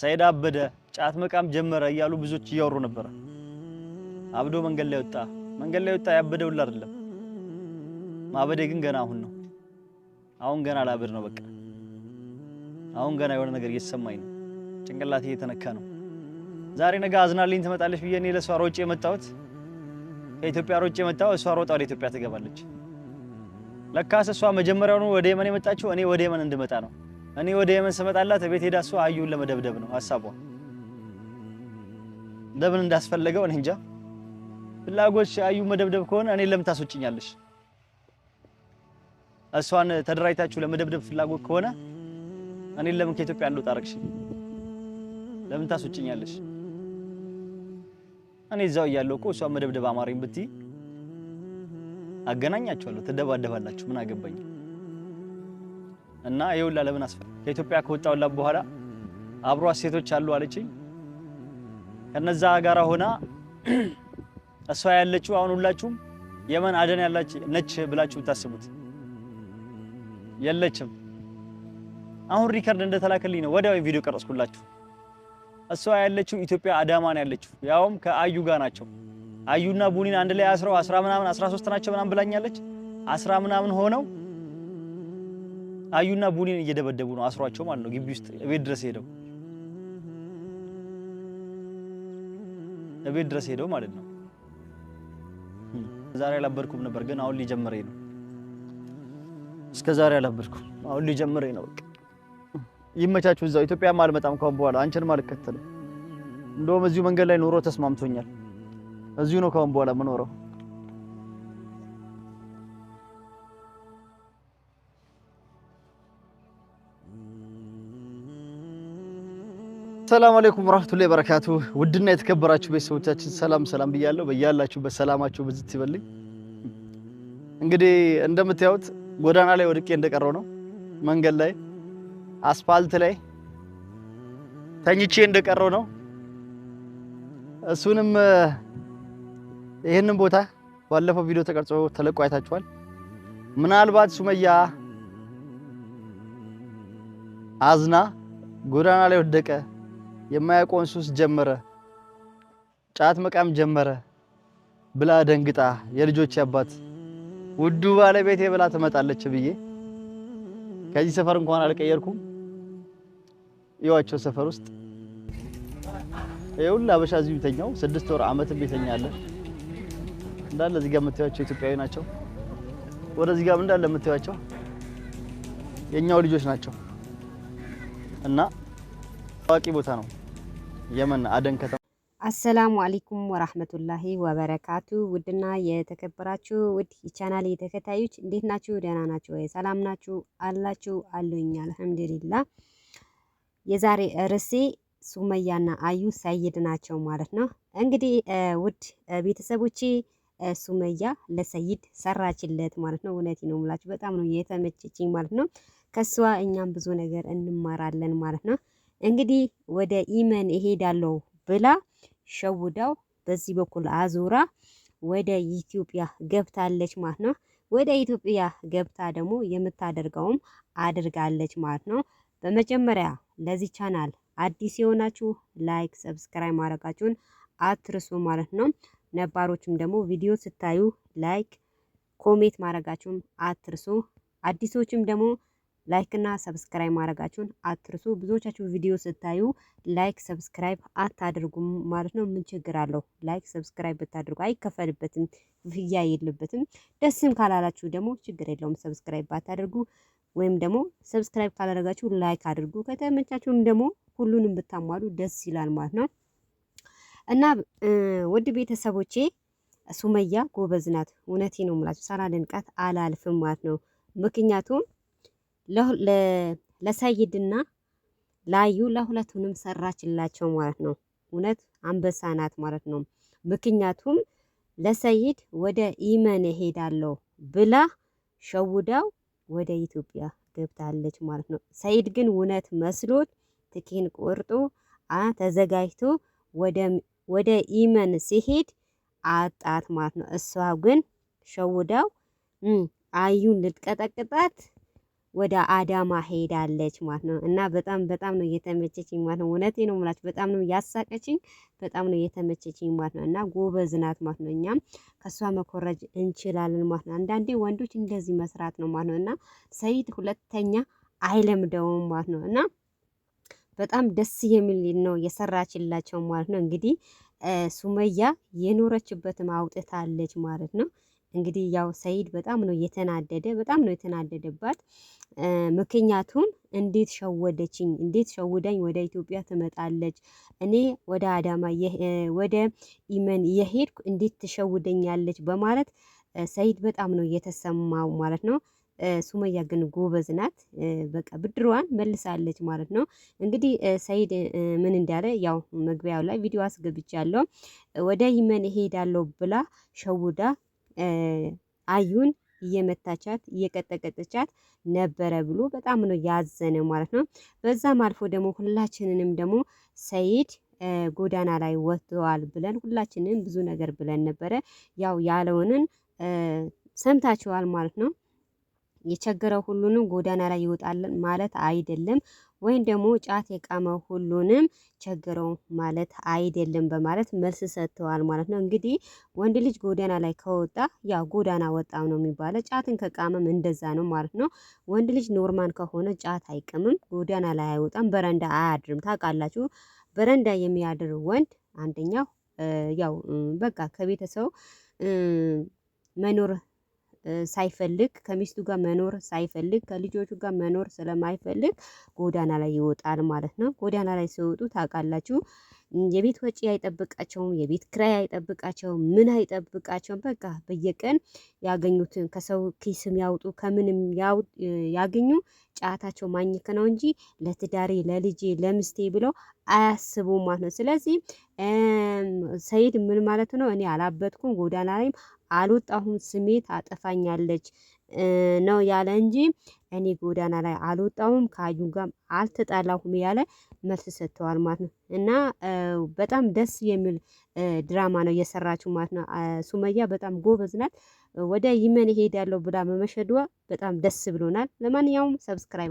ሰይድ አበደ፣ ጫት መቃም ጀመረ እያሉ ብዙዎች እያወሩ ነበረ። አብዶ መንገድ ላይ ወጣ። መንገድ ላይ ወጣ ያበደ ሁሉ አይደለም። ማበዴ ግን ገና አሁን ነው። አሁን ገና ላብድ ነው። በቃ አሁን ገና የሆነ ነገር እየተሰማኝ ነው። ጭንቅላት እየተነካ ነው። ዛሬ ነገ አዝናልኝ ትመጣለች ብዬ እኔ ለሷ ሮጬ የመጣሁት ከኢትዮጵያ ሮጬ የመጣሁ እሷ ሮጣ ወደ ኢትዮጵያ ትገባለች። ለካስ እሷ መጀመሪያውኑ ወደ የመን የመጣችው እኔ ወደ የመን እንድመጣ ነው። እኔ ወደ የመን ስመጣላት ቤት ሄዳ እሷ አዩን ለመደብደብ ነው ሀሳቧ። ለምን እንዳስፈለገው እኔ እንጃ። ፍላጎት አዩን መደብደብ ከሆነ እኔ ለምን ታስወጭኛለሽ? እሷን ተደራጅታችሁ ለመደብደብ ፍላጎት ከሆነ እኔ ለምን ከኢትዮጵያ አንዱ ጣረቅሽ? ለምን ታስወጭኛለሽ? እኔ እዛው እያለሁ እኮ እሷን መደብደብ አማሪም ብትይ አገናኛችኋለሁ፣ ትደባደባላችሁ። ምን አገባኝ? እና ይውላ ለምን አስፈ ከኢትዮጵያ ከወጣሁላት በኋላ አብሮ ሴቶች አሉ አለችኝ። ከነዛ ጋራ ሆና እሷ ያለችው አሁን ሁላችሁም የመን አደን ያላች ነች ብላችሁ ብታስቡት የለችም። አሁን ሪከርድ እንደተላከልኝ ነው ወዲያው ቪዲዮ ቀረጽኩላችሁ። እሷ ያለችው ኢትዮጵያ አዳማ ነው ያለችው። ያውም ከአዩ ጋር ናቸው። አዩና ቡኒን አንድ ላይ አስረው አስራ ምናምን አስራ ሶስት ናቸው ምናምን ብላኛለች። አስራ ምናምን ሆነው አዩና ቡኒን እየደበደቡ ነው። አስሯቸው ማለት ነው። ግቢ ውስጥ ቤት ድረስ ሄደው ቤት ድረስ ሄደው ማለት ነው። ዛሬ አላበድኩም ነበር፣ ግን አሁን ሊጀምረኝ ነው። እስከ ዛሬ አላበድኩም፣ አሁን ሊጀምረኝ ነው። በቃ ይመቻችሁ። እዛው ኢትዮጵያም አልመጣም ካሁን በኋላ አንቺንም አልከተልም። እንደውም እዚሁ መንገድ ላይ ኑሮ ተስማምቶኛል። እዚሁ ነው ካሁን በኋላ የምኖረው። ሰላም አለይኩም ወራህመቱላሂ ወበረካቱ። ውድና የተከበራችሁ ቤተሰቦቻችን ሰላም ሰላም ብያለሁ። በያላችሁበት ሰላማችሁ ብዝት ይበልኝ። እንግዲህ እንደምታዩት ጎዳና ላይ ወድቄ እንደቀረው ነው። መንገድ ላይ አስፋልት ላይ ተኝቼ እንደቀረው ነው። እሱንም ይህንን ቦታ ባለፈው ቪዲዮ ተቀርጾ ተለቆ አይታችኋል። ምናልባት ሱመያ አዝና ጎዳና ላይ ወደቀ የማያውቀውን ሱስ ጀመረ፣ ጫት መቃም ጀመረ ብላ ደንግጣ የልጆች አባት ውዱ ባለቤቴ ብላ ትመጣለች ብዬ ከዚህ ሰፈር እንኳን አልቀየርኩም። ይዋቸው ሰፈር ውስጥ ይኸውልህ አበሻ እዚሁ ስድስት ወር አመት ቤተኛ አለ እንዳለ እዚህ ጋር የምታዩቸው ኢትዮጵያዊ ናቸው። ወደዚህ ጋር እንዳለ የምታዩቸው የኛው ልጆች ናቸው እና ታዋቂ ቦታ ነው። የመን አደን ከተማ አሰላሙ አለይኩም ወራህመቱላሂ ወበረካቱ። ውድና የተከበራችሁ ውድ የቻናሌ ተከታዮች እንዴት ናችሁ? ደህና ናችሁ ወይ? ሰላም ናችሁ አላችሁ አለኝ። አልሐምዱሊላ። የዛሬ ርዕሴ ሱመያና አዩ ሰይድ ናቸው ማለት ነው። እንግዲህ ውድ ቤተሰቦቼ ሱመያ ለሰይድ ሰራችለት ማለት ነው። እውነቴ ነው የምላችሁ በጣም ነው የተመቸችኝ ማለት ነው። ከሷ እኛም ብዙ ነገር እንማራለን ማለት ነው። እንግዲህ ወደ ኢመን እሄዳለሁ ብላ ሸውዳው በዚህ በኩል አዙራ ወደ ኢትዮጵያ ገብታለች ማለት ነው። ወደ ኢትዮጵያ ገብታ ደግሞ የምታደርገውም አድርጋለች ማለት ነው። በመጀመሪያ ለዚህ ቻናል አዲስ የሆናችሁ ላይክ፣ ሰብስክራይብ ማድረጋችሁን አትርሱ ማለት ነው። ነባሮችም ደግሞ ቪዲዮ ስታዩ ላይክ፣ ኮሜንት ማድረጋችሁን አትርሱ። አዲሶችም ደግሞ ላይክ እና ሰብስክራይብ ማድረጋችሁን አትርሱ። ብዙዎቻችሁ ቪዲዮ ስታዩ ላይክ ሰብስክራይብ አታድርጉ ማለት ነው። ምን ችግር አለው? ላይክ ሰብስክራይብ ብታደርጉ አይከፈልበትም፣ ፍያ የለበትም። ደስም ካላላችሁ ደግሞ ችግር የለውም ሰብስክራይብ ባታደርጉ፣ ወይም ደግሞ ሰብስክራይብ ካላደረጋችሁ ላይክ አድርጉ። ከተመቻችሁም ደግሞ ሁሉንም ብታሟሉ ደስ ይላል ማለት ነው እና ውድ ቤተሰቦቼ ሱመያ ጎበዝ ናት። እውነቴ ነው የምላችሁ፣ ሳላደንቃት አላልፍም ማለት ነው ምክንያቱም ለሰይድና ላዩ ለሁለቱንም ሰራችላቸው ማለት ነው። እውነት አንበሳ ናት ማለት ነው። ምክንያቱም ለሰይድ ወደ ኢመን ሄዳለሁ ብላ ሸውዳው ወደ ኢትዮጵያ ገብታለች ማለት ነው። ሰይድ ግን እውነት መስሎት ትኬን ቆርጦ ተዘጋጅቶ ወደ ኢመን ሲሄድ አጣት ማለት ነው። እሷ ግን ሸውዳው አዩን ልትቀጠቅጣት ወደ አዳማ ሄዳለች ማለት ነው። እና በጣም በጣም ነው እየተመቸችኝ ማለት ነው። እውነቴ ነው የምላችሁ በጣም ነው እያሳቀችኝ፣ በጣም ነው እየተመቸችኝ ማለት ነው። እና ጎበዝ ናት ማለት ነው። እኛም ከእሷ መኮረጅ እንችላለን ማለት ነው። አንዳንዴ ወንዶች እንደዚህ መስራት ነው ማለት ነው። እና ሰይድ ሁለተኛ አይለምደውም ማለት ነው። እና በጣም ደስ የሚል ነው የሰራችላቸው ማለት ነው እንግዲህ ሱመያ የኖረችበትም አውጥታለች ማለት ነው። እንግዲህ ያው ሰይድ በጣም ነው የተናደደ፣ በጣም ነው የተናደደባት። ምክንያቱም እንዴት ሸወደችኝ፣ እንዴት ሸውዳኝ ወደ ኢትዮጵያ ትመጣለች? እኔ ወደ አዳማ ወደ ኢመን የሄድኩ እንዴት ትሸውደኛለች? በማለት ሰይድ በጣም ነው የተሰማው ማለት ነው። ሱመያ ግን ጎበዝ ናት። በቃ ብድሯን መልሳለች ማለት ነው። እንግዲህ ሰይድ ምን እንዳለ ያው መግቢያው ላይ ቪዲዮ አስገብቻለሁ። ወደ ይመን እሄዳለሁ ብላ ሸውዳ አዩን እየመታቻት እየቀጠቀጠቻት ነበረ ብሎ በጣም ነው ያዘነ ማለት ነው። በዛም አልፎ ደግሞ ሁላችንንም ደግሞ ሰይድ ጎዳና ላይ ወጥተዋል ብለን ሁላችንም ብዙ ነገር ብለን ነበረ። ያው ያለውንን ሰምታችኋል ማለት ነው። የቸገረው ሁሉንም ጎዳና ላይ ይወጣል ማለት አይደለም፣ ወይም ደግሞ ጫት የቃመ ሁሉንም ቸገረው ማለት አይደለም በማለት መልስ ሰጥተዋል ማለት ነው። እንግዲህ ወንድ ልጅ ጎዳና ላይ ከወጣ ያ ጎዳና ወጣም ነው የሚባለው። ጫትን ከቃመም እንደዛ ነው ማለት ነው። ወንድ ልጅ ኖርማል ከሆነ ጫት አይቅምም፣ ጎዳና ላይ አይወጣም፣ በረንዳ አያድርም። ታውቃላችሁ፣ በረንዳ የሚያድር ወንድ አንደኛው ያው በቃ ከቤተሰቡ መኖር ሳይፈልግ ከሚስቱ ጋር መኖር ሳይፈልግ ከልጆቹ ጋር መኖር ስለማይፈልግ ጎዳና ላይ ይወጣል ማለት ነው። ጎዳና ላይ ሲወጡ ታውቃላችሁ የቤት ወጪ አይጠብቃቸውም፣ የቤት ክራይ አይጠብቃቸውም፣ ምን አይጠብቃቸውም። በቃ በየቀን ያገኙትን ከሰው ኪስም ያውጡ ከምንም ያገኙ ጫታቸው ማኝክ ነው እንጂ ለትዳሬ ለልጄ ለምስቴ ብለው አያስቡም ማለት ነው። ስለዚህ ሰይድ ምን ማለት ነው? እኔ አላበትኩም ጎዳና ላይም አልወጣሁም ስሜት አጠፋኛለች ነው ያለ እንጂ እኔ ጎዳና ላይ አልወጣሁም ከአዩም ጋርም አልተጣላሁም ያለ መልስ ሰጥተዋል ማለት ነው። እና በጣም ደስ የሚል ድራማ ነው እየሰራችው ማለት ነው። ሱመያ በጣም ጎበዝ ናት። ወደ ይመን ይሄዳለሁ ብላ መመሸድዋ በጣም ደስ ብሎናል። ለማንኛውም ሰብስክራይብ